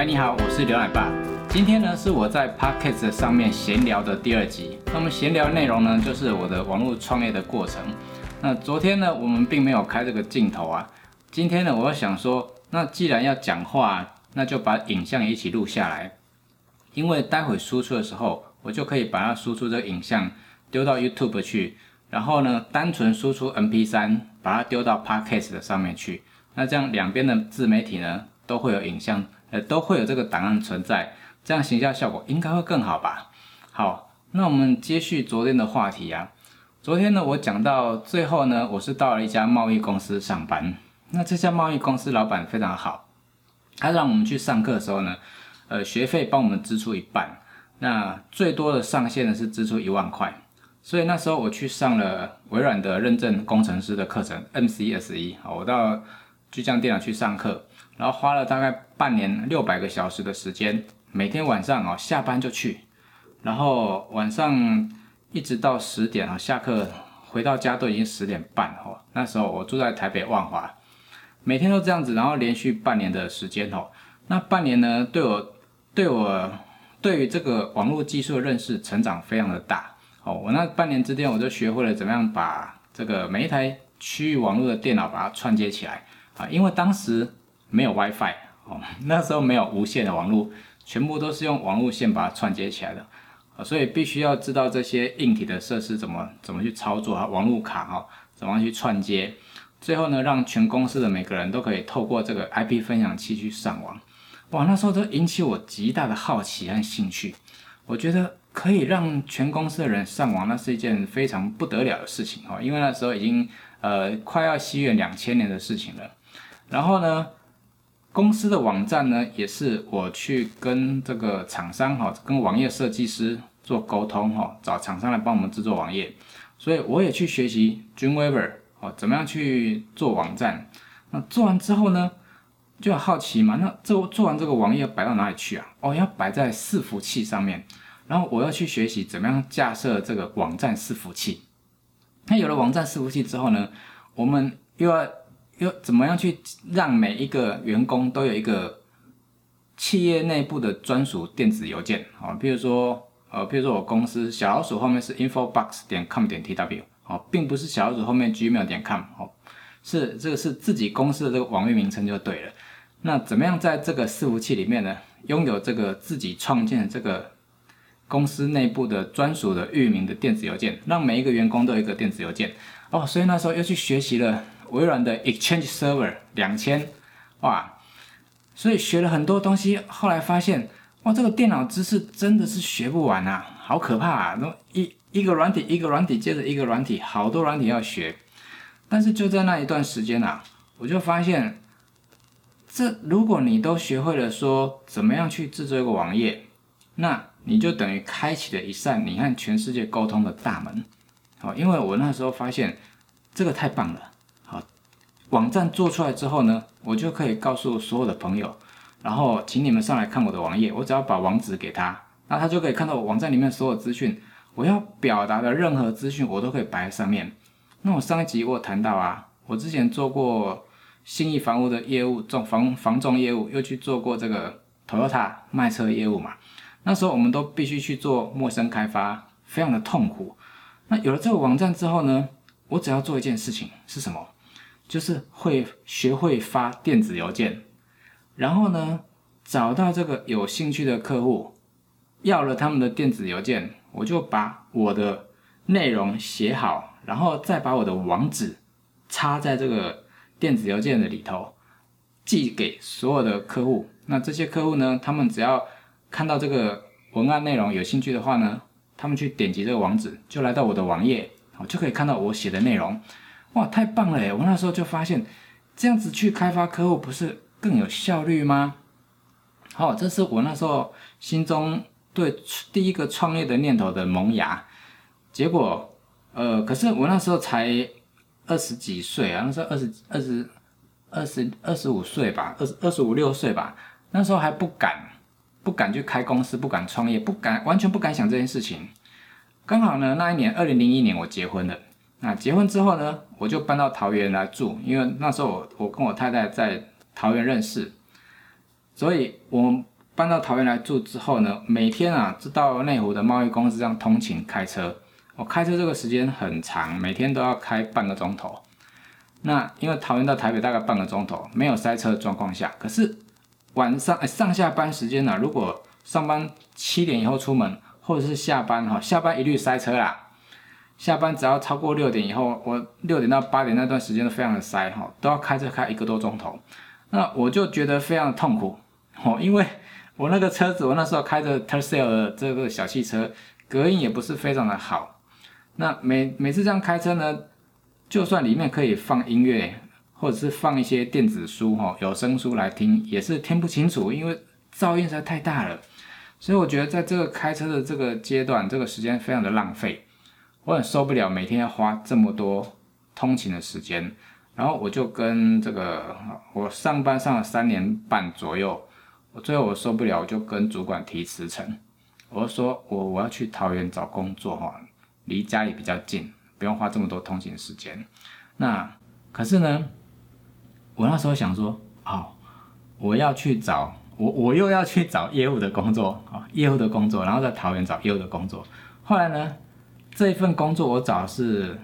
嗨，Hi, 你好，我是劉奶爸。今天呢是我在 Podcast 上面閒聊的第二集。那麼閒聊內容呢，就是我的網絡創業的過程。那昨天呢，我們並沒有開這個鏡頭啊。今天呢，我想說，那既然要講話，那就把影像一起錄下來，因為待會輸出的時候，我就可以把它輸出這個影像丟到 YouTube 去，然後呢，單純輸出 MP3，把它丟到 Podcast 的上面去。那這樣兩邊的自媒體呢，都會有影像。呃，都會有這個檔案存在，這樣形象效果應該會更好吧？好，那我們接續昨天的話題啊。昨天呢，我講到最後呢，我是到了一家貿易公司上班。那這家貿易公司老闆非常好，他讓我們去上課的時候呢，呃，學費幫我們支出一半。那最多的上限呢是支出一萬塊。所以那時候我去上了微軟的認證工程師的課程，MCSE。好，我到巨匠電腦去上課。然後花了大概半年六百個小時的時間，每天晚上哦下班就去，然後晚上一直到十點啊哦，下課回到家都已經十點半了哦。那時候我住在台北萬華，每天都這樣子，然後連續半年的時間哦。那半年呢，對我對我對於這個網絡技術的認識成長非常的大哦。我那半年之間，我就學會了怎麼樣把這個每一台區域網絡的電腦把它串接起來啊，因為當時。沒有 WiFi 哦，那時候沒有無線的網絡，全部都是用網絡線把它串接起來的。哦，所以必須要知道這些硬體的設施怎麼怎麼去操作啊，網路卡哈，哦，怎麼去串接，最後呢，讓全公司的每個人都可以透過這個 IP 分享器去上網，哇，那時候都引起我極大的好奇和興趣，我覺得可以讓全公司的人上網，那是一件非常不得了的事情哈，哦，因為那時候已經呃快要西元兩千年的事情了，然後呢，公司的網站呢，也是我去跟這個廠商哈，跟網頁設計師做溝通哈，找廠商來幫我們製作網頁。所以我也去學習 Dreamweaver，怎麼樣去做網站？那做完之後呢，就很好奇嘛，那做做完這個網頁要擺到哪裡去啊？哦，要擺在伺服器上面。然後我要去學習怎麼樣架設這個網站伺服器。那有了網站伺服器之後呢，我們又要。又怎麼樣去讓每一個員工都有一個企業內部的專屬電子郵件啊、哦？比如說，呃，比如說我公司小老鼠後面是 infobox 點 com 點 tw 哦，並不是小老鼠後面 gmail 點 com 哦，是這個是自己公司的這個網域名稱就對了。那怎麼樣在這個伺服器裡面呢，擁有這個自己創建的這個公司內部的專屬的域名的電子郵件，讓每一個員工都有一個電子郵件哦？所以那時候又去學習了。微軟的 Exchange Server 兩千，哇！所以學了很多東西，後來發現，哇，這個電腦知識真的是學不完啊，好可怕啊！那一一個軟體，一個軟體，接着一個軟體，好多軟體要學。但是就在那一段時間啊，我就發現，這如果你都學會了說怎麼樣去制作一個網頁，那你就等於開啟了一扇你看全世界溝通的大門。好，哦，因為我那時候發現這個太棒了。網站做出來之後呢，我就可以告訴所有的朋友，然後請你們上來看我的網頁。我只要把網址給他，那他就可以看到我網站裡面所有資訊。我要表達的任何資訊，我都可以擺在上面。那我上一集我有談到啊，我之前做過信義房屋的業務，仲房房仲業務，又去做過這個 Toyota 賣車業務嘛。那時候我們都必須去做陌生開發，非常的痛苦。那有了這個網站之後呢，我只要做一件事情是什麼？就是會學會發電子郵件，然後呢，找到這個有興趣的客戶，要了他們的電子郵件，我就把我的內容寫好，然後再把我的網址插在這個電子郵件的裡頭，寄給所有的客戶。那這些客戶呢，他們只要看到這個文案內容有興趣的話呢，他們去點擊這個網址，就來到我的網頁，就可以看到我寫的內容。哇，太棒了哎！我那時候就發現，這樣子去開發客戶不是更有效率嗎？好、哦，這是我那時候心中對第一個創業的念頭的萌芽。結果，呃，可是我那時候才二十幾歲啊，那時候二十、二十、二十、二十五歲吧，二十二十五六歲吧，那時候還不敢，不敢去開公司，不敢創業，不敢，完全不敢想這件事情。剛好呢，那一年，二零零一年我結婚了。那結婚之後呢，我就搬到桃園來住，因為那時候我，我跟我太太在桃園認識，所以我們搬到桃園來住之後呢，每天啊，就到內湖的貿易公司這樣通勤開車，我開車這個時間很長，每天都要開半個鐘頭。那因為桃園到台北大概半個鐘頭，沒有塞車狀況下，可是晚上、欸、上下班時間呢、啊，如果上班七點以後出門，或者是下班哈、啊，下班一律塞車啦。下班只要超過六點以後，我六點到八點那段時間都非常的塞吼，都要開車開一個多鐘頭，那我就覺得非常的痛苦吼，因為我那個車子，我那時候開着 Tercel 這個小汽車，隔音也不是非常的好。那每每次這樣開車呢，就算裡面可以放音樂，或者是放一些電子書吼，有聲書來聽，也是聽不清楚，因為噪音實在太大了。所以我覺得在這個開車的這個階段，這個時間非常的浪費。我很受不了，每天要花這麼多通勤的時間，然後我就跟這個我上班上了三年半左右，我最後我受不了，我就跟主管提辭呈，我說我我要去桃園找工作哈，離家裡比較近，不用花這麼多通勤時間。那可是呢，我那時候想說，哦，我要去找我我又要去找業務的工作啊，業務的工作，然後在桃園找業務的工作。後來呢？這一份工作我找的是，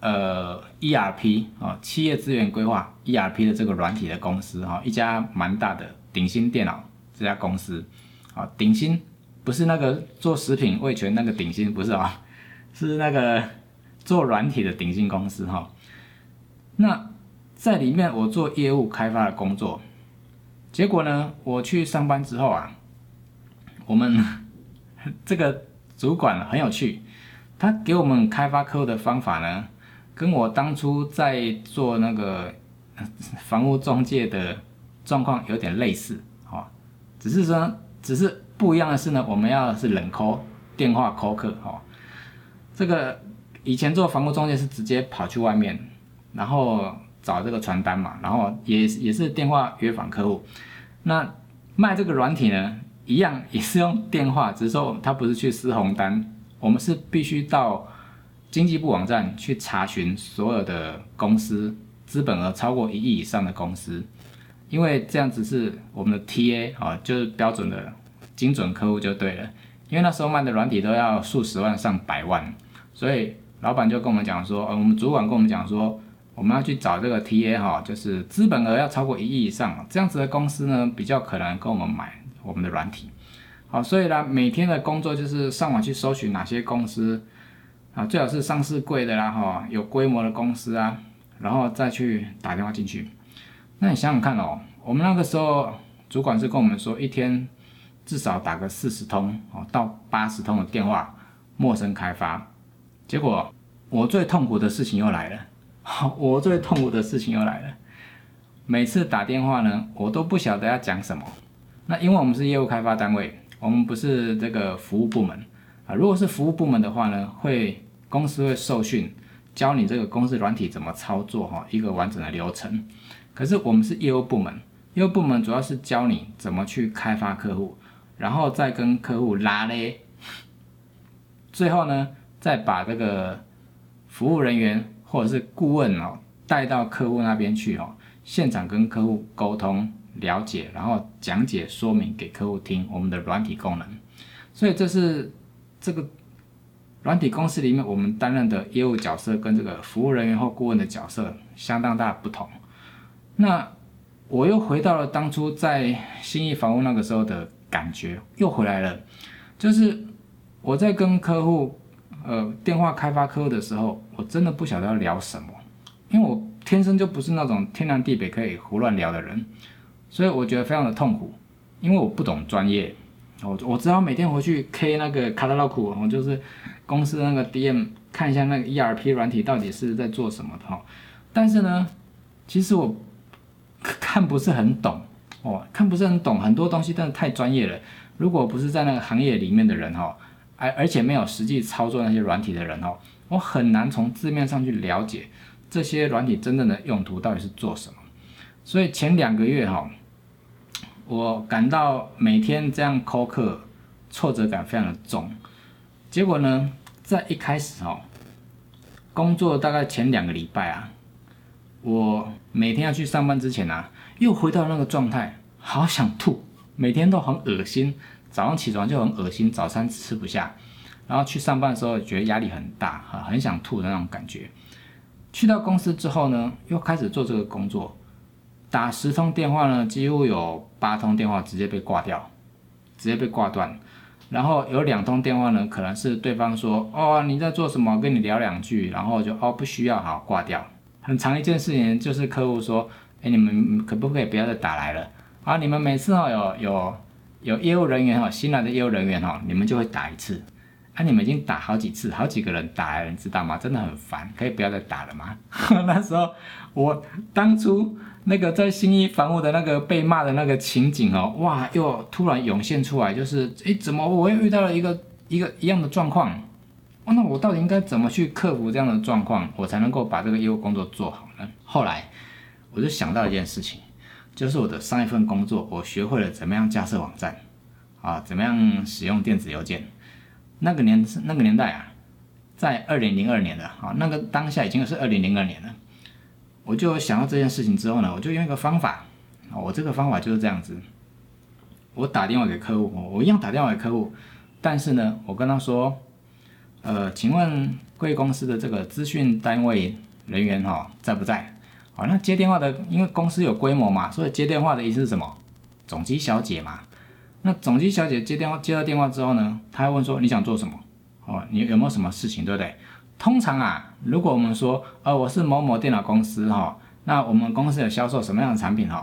呃，ERP 啊，ER、P, 企業資源規劃 ERP 的這個軟體的公司哈，一家蠻大的鼎新電腦這家公司，啊，鼎新不是那個做食品味全那個頂新，不是啊、哦，是那個做軟體的鼎新公司哈。那在裡面我做業務開發的工作，結果呢，我去上班之後啊，我們這個主管很有趣。他給我們開發客戶的方法呢，跟我當初在做那個房屋仲介的狀況有點類似，哦，只是說，只是不一樣的是呢，我們要是冷 call 電話 call 客，哦，這個以前做房屋仲介是直接跑去外面，然後找這個傳單嘛，然後也也是電話約訪客戶，那賣這個軟體呢，一樣也是用電話，只是說他不是去撕紅單。我們是必須到經濟部網站去查詢所有的公司資本額超過一億以上的公司，因為這樣子是我們的 TA 啊，就是標準的精準客戶就對了。因為那時候賣的軟體都要數十萬上百萬，所以老闆就跟我們講說，呃，我們主管跟我們講說，我們要去找這個 TA 哈，就是資本額要超過一億以上這樣子的公司呢，比較可能跟我們買我們的軟體。哦、所以呢，每天的工作就是上網去搜尋哪些公司啊，最好是上市櫃的啦，哈、哦，有規模的公司啊，然後再去打電話進去。那你想想看哦，我們那個時候主管是跟我們說，一天至少打個四十通哦，到八十通的電話，陌生開發。結果我最痛苦的事情又來了，好，我最痛苦的事情又來了。每次打電話呢，我都不曉得要講什麼。那因為我們是業務開發單位。我們不是這個服務部門啊，如果是服務部門的話呢，會，公司會受訓，教你這個公司軟體怎麼操作哈，一個完整的流程。可是我們是業務部門，業務部門主要是教你怎麼去開發客戶，然後再跟客戶拉嘞，最後呢，再把這個服務人員或者是顧問哦帶到客戶那邊去哦，現場跟客戶溝通。了解，然後講解說明給客戶聽我們的軟體功能，所以這是這個軟體公司裡面我們擔任的業務角色跟這個服務人員或顧問的角色相當大的不同。那我又回到了當初在信義房屋那個時候的感覺又回來了，就是我在跟客戶呃，電話開發客戶的時候，我真的不曉得要聊什麼，因為我天生就不是那種天南地北可以胡亂聊的人。所以我覺得非常的痛苦，因為我不懂專業，我我只好每天回去 K 那個 Catalog 我就是公司的那個 DM 看一下那個 ERP 軟體到底是在做什麼的哈。但是呢，其實我看不是很懂哦，看不是很懂，很多東西真的太專業了。如果不是在那個行業裡面的人哈，而而且沒有實際操作那些軟體的人哈，我很難從字面上去了解這些軟體真正的用途到底是做什麼。所以前兩個月哈。我感到每天這樣叩客，挫折感非常的重。結果呢，在一開始哦，工作大概前兩個禮拜啊，我每天要去上班之前啊，又回到那個狀態，好想吐，每天都很噁心，早上起床就很噁心，早餐吃不下，然後去上班的時候覺得壓力很大，很想吐的那種感覺。去到公司之後呢，又開始做這個工作。打十通電話呢，幾乎有八通電話直接被掛掉，直接被掛斷。然後有兩通電話呢，可能是對方說：“哦，你在做什麼？我跟你聊兩句。”然後就哦，不需要哈，掛掉。很長一件事情就是客戶說：“誒、欸，你們可不可以不要再打來了？啊，你們每次哈、喔、有有有業務人員哈、喔、新來的業務人員哈、喔，你們就會打一次。哎、啊，你們已經打好幾次，好幾個人打來了，你知道嗎？真的很煩，可以不要再打了嗎？ 那時候我當初。”那個在信義房屋的那個被罵的那個情景哦，哇，又突然湧現出來，就是誒，怎麼我又遇到了一個一個一樣的狀況？哦，那我到底應該怎麼去克服這樣的狀況，我才能夠把這個業務工作做好呢？後來我就想到一件事情，就是我的上一份工作，我學會了怎麼樣架設網站，啊，怎麼樣使用電子郵件。那個年那個年代啊，在二零零二年了，啊，那個當下已經是二零零二年了。我就想到這件事情之後呢，我就用一個方法，我這個方法就是這樣子，我打電話給客戶，我一樣打電話給客戶，但是呢，我跟他說，呃，請問貴公司的這個資訊單位人員哈、哦、在不在？好、哦，那接電話的，因為公司有規模嘛，所以接電話的意思是什麼？總機小姐嘛。那總機小姐接電話接到電話之後呢，她會問說，你想做什麼？哦，你有沒有什麼事情，對不對？通常啊，如果我們說，呃，我是某某電腦公司哈、哦，那我們公司有銷售什麼樣的產品哈、哦，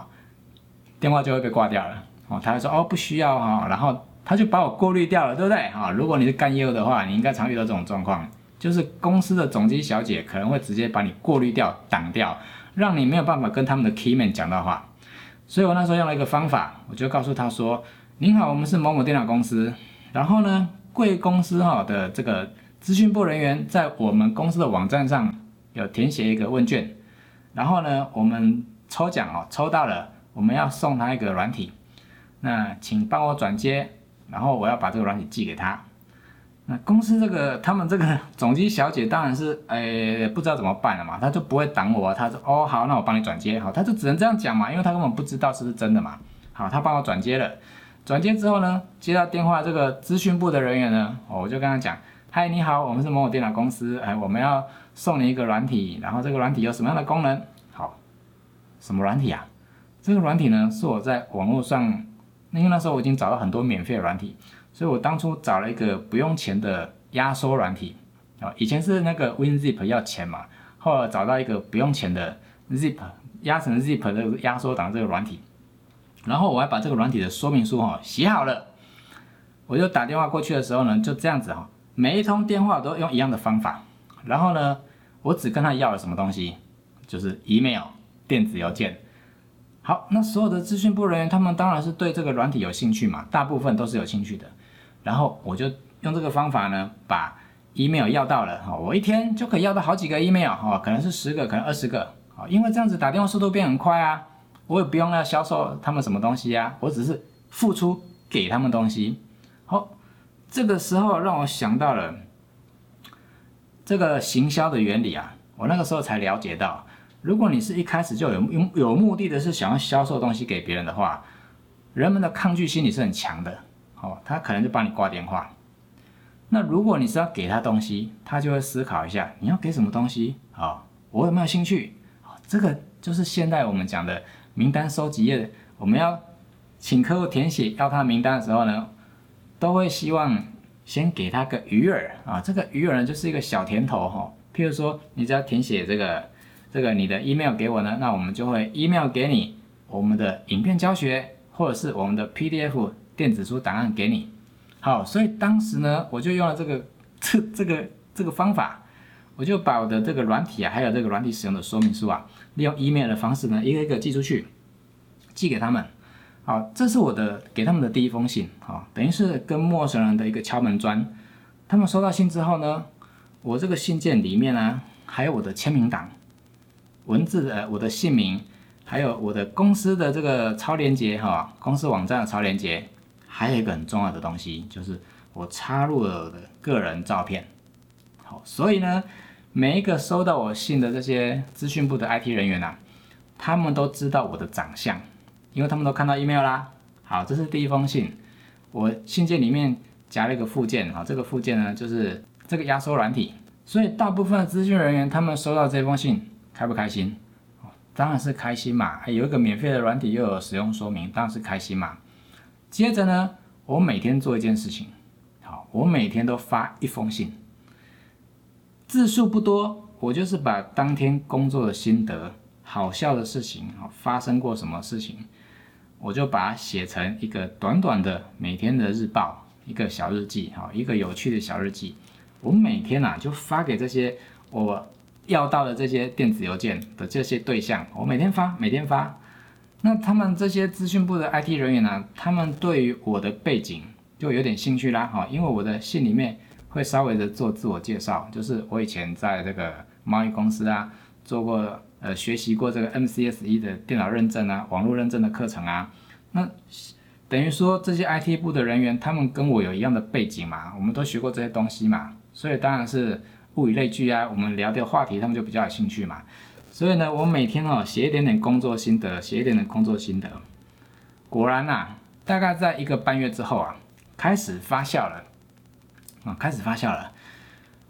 電話就會被掛掉了哦，他會說哦不需要哈、哦，然後他就把我過濾掉了，對不對啊、哦？如果你是幹業務的話，你應該常遇到這種狀況，就是公司的總機小姐可能會直接把你過濾掉、擋掉，讓你沒有辦法跟他們的 key man 講到話。所以我那時候用了一個方法，我就告訴他說，您好，我們是某某電腦公司，然後呢，貴公司哈的這個。資訊部人員在我們公司的網站上有填寫一個問卷，然後呢，我們抽獎哦，抽到了，我們要送他一個軟體，那請幫我轉接，然後我要把這個軟體寄給他。那公司這個他們這個總機小姐當然是，哎，不知道怎麼辦了嘛，他就不會擋我，他說，哦好，那我幫你轉接好，他就只能這樣講嘛，因為他根本不知道是不是真的嘛。好，他幫我轉接了，轉接之後呢，接到電話這個資訊部的人員呢，我就跟他講。嗨，Hi, 你好，我們是某某電腦公司，哎，我們要送你一個軟體，然後這個軟體有什麼樣的功能？好，什麼軟體啊？這個軟體呢是我在網絡上，因為那時候我已經找到很多免費的軟體，所以我當初找了一個不用錢的壓縮軟體啊，以前是那個 WinZip 要錢嘛，後來找到一個不用錢的 Zip 壓成 Zip 的壓縮檔這個軟體，然後我還把這個軟體的說明書哈寫好了，我就打電話過去的時候呢，就這樣子哈。每一通電話都用一樣的方法，然後呢，我只跟他要了什麼東西，就是 email 電子郵件。好，那所有的資訊部人員，他們當然是對這個軟體有興趣嘛，大部分都是有興趣的。然後我就用這個方法呢，把 email 要到了。我一天就可以要到好幾個 email，哦，可能是十個，可能二十個。好，因為這樣子打電話速度變很快啊，我也不用要銷售他們什麼東西啊，我只是付出給他們東西。好。這個時候讓我想到了這個行銷的原理啊，我那個時候才了解到，如果你是一開始就有有有目的的是想要銷售東西給別人的話，人們的抗拒心理是很強的，哦，他可能就幫你掛電話。那如果你是要給他東西，他就會思考一下你要給什麼東西啊，哦，我有沒有興趣？哦，這個就是現在我們講的名單收集頁，我們要請客戶填寫要他名單的時候呢。都會希望先給他個魚餌啊，這個魚餌呢就是一個小甜頭哈、哦。譬如說，你只要填寫這個這個你的 email 給我呢，那我們就會 email 給你我們的影片教學，或者是我們的 PDF 電子書檔案給你。好，所以當時呢，我就用了這個這這個這個方法，我就把我的這個軟體啊，還有這個軟體使用的說明書啊，利用 email 的方式呢，一個一個寄出去，寄給他們。好，這是我的給他們的第一封信，哈，等於是跟陌生人的一個敲門磚。他們收到信之後呢，我這個信件裡面呢、啊，還有我的簽名檔、文字的我的姓名，還有我的公司的這個超鏈接，哈，公司網站的超鏈接，還有一個很重要的東西，就是我插入了我的個人照片。好，所以呢，每一個收到我信的這些資訊部的 IT 人員啊，他們都知道我的長相。因為他們都看到 email 啦。好，這是第一封信。我信件裡面夾了一個附件，好，這個附件呢就是這個壓縮軟體。所以大部分資訊人員他們收到這封信，開不開心？當然是開心嘛。有一個免費的軟體又有使用說明，當然是開心嘛。接着呢，我每天做一件事情，好，我每天都發一封信。字數不多，我就是把當天工作的心得、好笑的事情、好發生過什麼事情。我就把它寫成一個短短的每天的日報，一個小日記，好，一個有趣的小日記。我每天啊就發給這些我要到的這些電子郵件的這些對象，我每天發，每天發。那他們這些資訊部的 IT 人員啊，他們對於我的背景就有點興趣啦，哈，因為我的信裡面會稍微的做自我介紹，就是我以前在這個貿易公司啊做過。呃，學習過這個 MCS 一的電腦認證啊，網絡認證的課程啊，那等於說這些 IT 部的人員，他們跟我有一樣的背景嘛，我們都學過這些東西嘛，所以當然是物以類聚啊。我們聊的話題，他們就比較有興趣嘛。所以呢，我每天哦寫一點點工作心得，寫一點點工作心得。果然吶、啊，大概在一個半月之後啊，開始發酵了啊、哦，開始發酵了。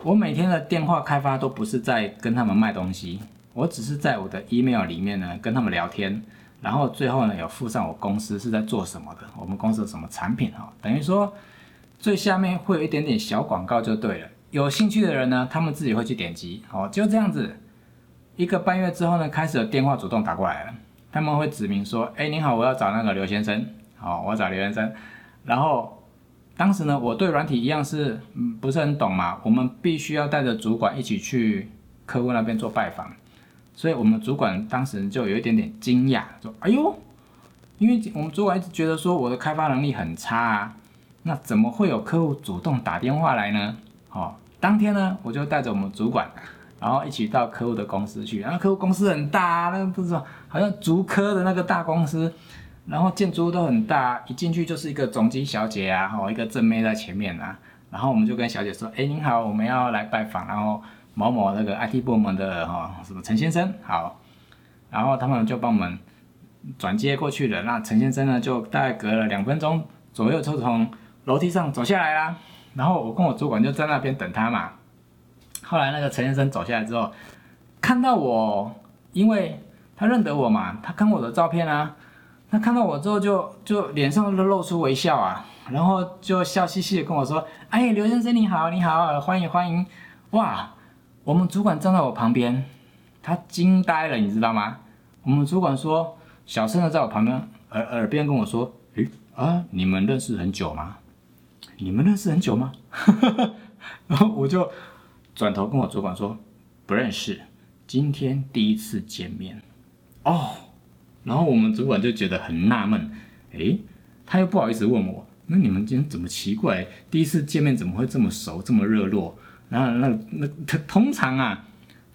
我每天的電話開發都不是在跟他們賣東西。我只是在我的 email 裡面呢跟他們聊天，然後最後呢有附上我公司是在做什麼的，我們公司有什麼產品哈、哦，等於說最下面會有一點點小廣告就對了。有興趣的人呢，他們自己會去點擊，好、哦，就這樣子。一個半月之後呢，開始有電話主動打過來了，他們會指明說，哎、欸，你好，我要找那個劉先生，好、哦，我要找劉先生。然後當時呢，我對軟體一樣是、嗯，不是很懂嘛，我們必須要帶着主管一起去客戶那邊做拜訪。所以，我們主管當時就有一點點驚訝，說：“哎呦，因為我們主管一直覺得說我的開發能力很差啊，那怎麼會有客戶主動打電話來呢？”哈、哦，當天呢，我就帶着我們主管，然後一起到客戶的公司去。然後客戶公司很大、啊，那不知道好像竹科的那個大公司，然後建築都很大、啊，一進去就是一個總機小姐啊，然後一個正妹在前面啊，然後我們就跟小姐說：“哎，您好，我們要來拜訪。”然後。某某那個 IT 部門的哦，什麼陳先生好，然後他們就幫我們轉接過去了。那陳先生呢，就大概隔了兩分鐘左右，就從樓梯上走下來啦。然後我跟我主管就在那邊等他嘛。後來那個陳先生走下來之後，看到我，因為他認得我嘛，他看我的照片啊，他看到我之後就就臉上都露出微笑啊，然後就笑嘻嘻的跟我說：“哎，劉先生你好，你好，歡迎歡迎，哇！”我們主管站在我旁邊，他驚呆了，你知道嗎？我們主管說，小聲的在我旁邊耳耳邊跟我說：“誒、欸、啊，你們認識很久嗎？你們認識很久嗎？” 然後我就轉頭跟我主管說：“不認識，今天第一次見面。”哦，然後我們主管就覺得很納悶，誒、欸，他又不好意思問我：“那你們今天怎麼奇怪、欸？第一次見面怎麼會這麼熟，這麼熱絡？”然那那他通常啊，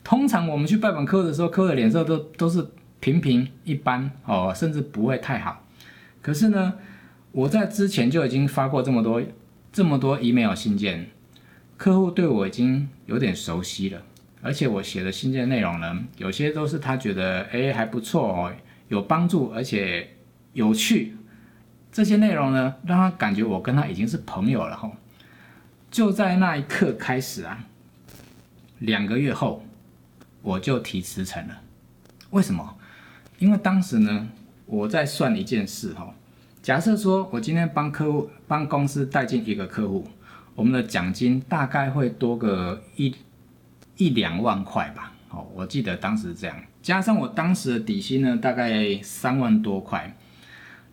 通常我們去拜訪客戶的時候，客戶的臉色都都是平平一般哦，甚至不會太好。可是呢，我在之前就已經發過這麼多、這麼多 email 信件，客戶對我已經有點熟悉了。而且我寫的信件內容呢，有些都是他覺得，哎，還不錯哦，有幫助，而且有趣。這些內容呢，讓他感覺我跟他已經是朋友了哈。哦就在那一刻開始啊，兩個月後我就提辭呈了。為什麼？因為當時呢，我在算一件事哈、哦。假設說我今天幫客戶、幫公司帶進一個客戶，我們的獎金大概會多個一、一兩萬塊吧。哦，我記得當時這樣，加上我當時的底薪呢，大概三萬多塊。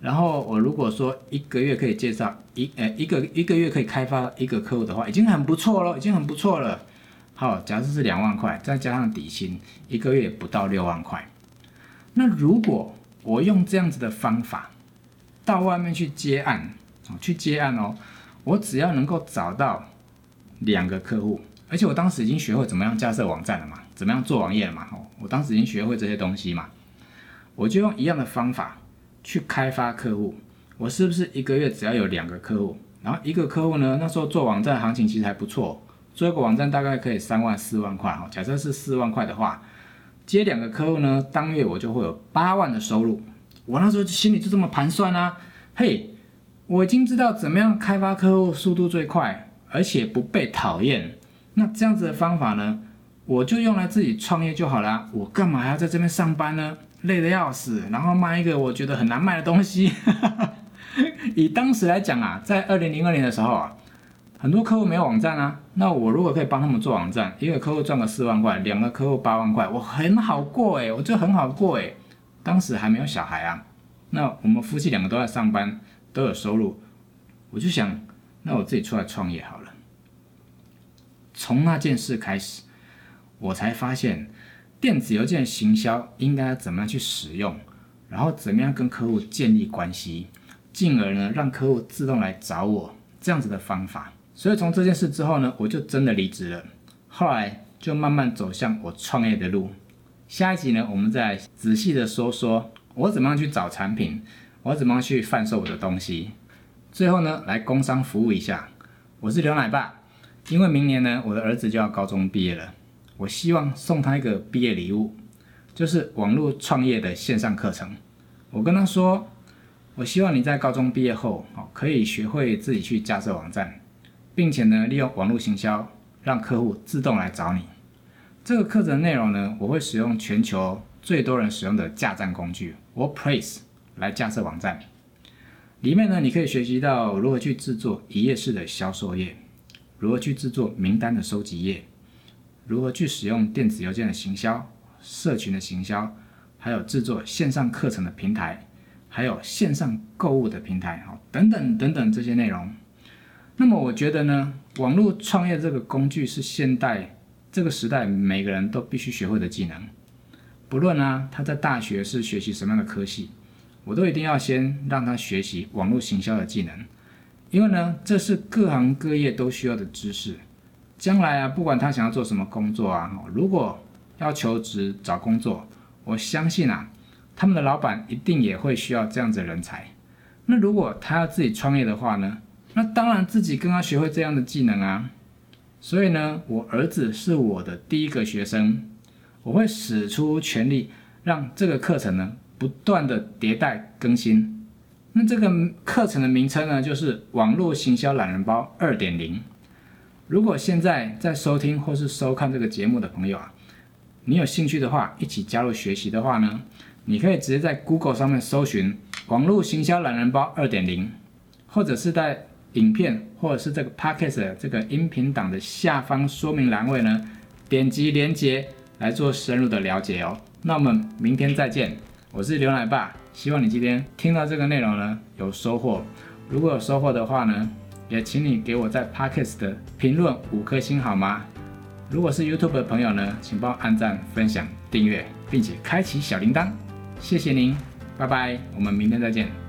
然後我如果說一個月可以介紹一呃，一個一個月可以開發一個客戶的話，已經很不錯了，已經很不錯了。好，假設是兩萬塊，再加上底薪，一個月不到六萬塊。那如果我用這樣子的方法，到外面去接案，去接案哦，我只要能夠找到兩個客戶，而且我當時已經學會怎麼樣架設網站了嘛，怎麼樣做網頁了嘛，哦，我當時已經學會這些東西嘛，我就用一樣的方法。去開發客戶，我是不是一個月只要有兩個客戶，然後一個客戶呢？那時候做網站行情其實還不錯，做一個網站大概可以三萬四萬塊哈。假設是四萬塊的話，接兩個客戶呢，當月我就會有八萬的收入。我那時候心裡就這麼盤算啦，啊，嘿，我已經知道怎麼樣開發客戶速度最快，而且不被討厭。那這樣子的方法呢，我就用來自己創業就好了，我幹嘛還要在這邊上班呢？累得要死，然後賣一個我覺得很難賣的東西。 以當時來講啊，在二零零二年的時候啊，很多客戶沒有網站啊，那我如果可以幫他們做網站，一個客戶賺個四萬塊，兩個客戶八萬塊，我很好過哎、欸，我就很好過哎、欸。當時還沒有小孩啊，那我們夫妻兩個都在上班，都有收入，我就想，那我自己出來創業好了。從那件事開始，我才發現。電子郵件行銷應該怎麼樣去使用，然後怎麼樣跟客戶建立關係，進而呢讓客戶自動來找我這樣子的方法。所以從這件事之後呢，我就真的離職了。後來就慢慢走向我創業的路。下一集呢，我們再仔細的說說我怎麼樣去找產品，我怎麼樣去販售我的東西。最後呢，來工商服務一下。我是劉奶爸，因為明年呢，我的兒子就要高中畢業了。我希望送他一個畢業禮物，就是網絡創業的線上課程。我跟他說，我希望你在高中畢業後可以學會自己去架設網站，並且呢，利用網絡行銷讓客戶自動來找你。這個課程內容呢，我會使用全球最多人使用的架站工具 WordPress 來架設網站。裡面呢，你可以學習到如何去製作一頁式的銷售頁，如何去製作名單的收集頁。如何去使用電子郵件的行銷、社群的行銷，還有制作線上課程的平台，還有線上購物的平台，好，等等等等這些內容。那麼，我覺得呢，網絡創業這個工具是現代這個時代每個人都必須學會的技能。不論呢、啊，他在大學是學習什麼樣的科系，我都一定要先讓他學習網絡行銷的技能，因為呢，這是各行各業都需要的知識。將來啊，不管他想要做什麼工作啊，如果要求職找工作，我相信啊，他們的老闆一定也會需要這樣子的人才。那如果他要自己創業的話呢？那當然自己更要學會這樣的技能啊。所以呢，我兒子是我的第一個學生，我會使出全力讓這個課程呢不斷的迭代更新。那這個課程的名稱呢，就是網絡行銷懶人包2.0。如果現在在收聽或是收看這個節目的朋友啊，你有興趣的話，一起加入學習的話呢，你可以直接在 Google 上面搜尋“網路行銷懶人包二點零”，或者是在影片或者是這個 Podcast 這個音頻檔的下方說明欄位呢，點擊連結來做深入的了解哦。那我們明天再見，我是劉奶爸，希望你今天聽到這個內容呢有收穫。如果有收穫的話呢。也請你給我在 Podcast 的評論五顆星好嗎？如果是 YouTube 的朋友呢，請幫我按讚、分享、訂閱，並且開啟小鈴鐺。謝謝您，拜拜，我們明天再見。